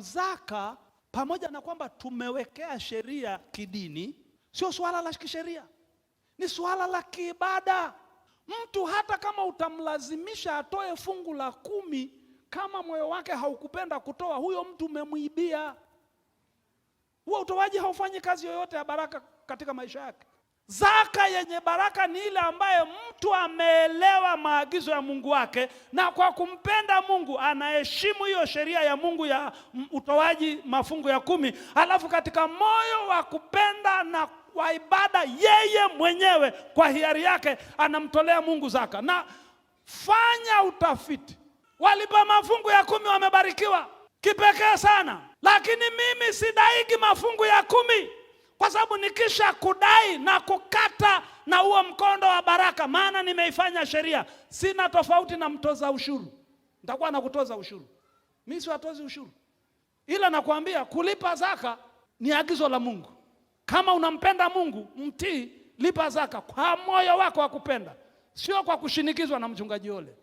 Zaka pamoja na kwamba tumewekea sheria kidini, sio suala la kisheria, ni suala la kiibada. Mtu hata kama utamlazimisha atoe fungu la kumi, kama moyo wake haukupenda kutoa, huyo mtu umemwibia. Huo utoaji haufanyi kazi yoyote ya baraka katika maisha yake. Zaka yenye baraka ni ile ambaye mtu ameelewa maagizo ya Mungu wake, na kwa kumpenda Mungu anaheshimu hiyo sheria ya Mungu ya utoaji mafungu ya kumi, alafu katika moyo wa kupenda na wa ibada, yeye mwenyewe kwa hiari yake anamtolea Mungu zaka. Na fanya utafiti, walipa mafungu ya kumi wamebarikiwa kipekee sana, lakini mimi sidaiki mafungu ya kumi sababu nikisha kudai na kukata na huo mkondo wa baraka, maana nimeifanya sheria, sina tofauti na mtoza ushuru. Nitakuwa nakutoza ushuru, mimi siwatozi ushuru, ila nakwambia kulipa zaka ni agizo la Mungu. Kama unampenda Mungu, mtii, lipa zaka kwa moyo wako wa kupenda, sio kwa kushinikizwa na mchungaji ole.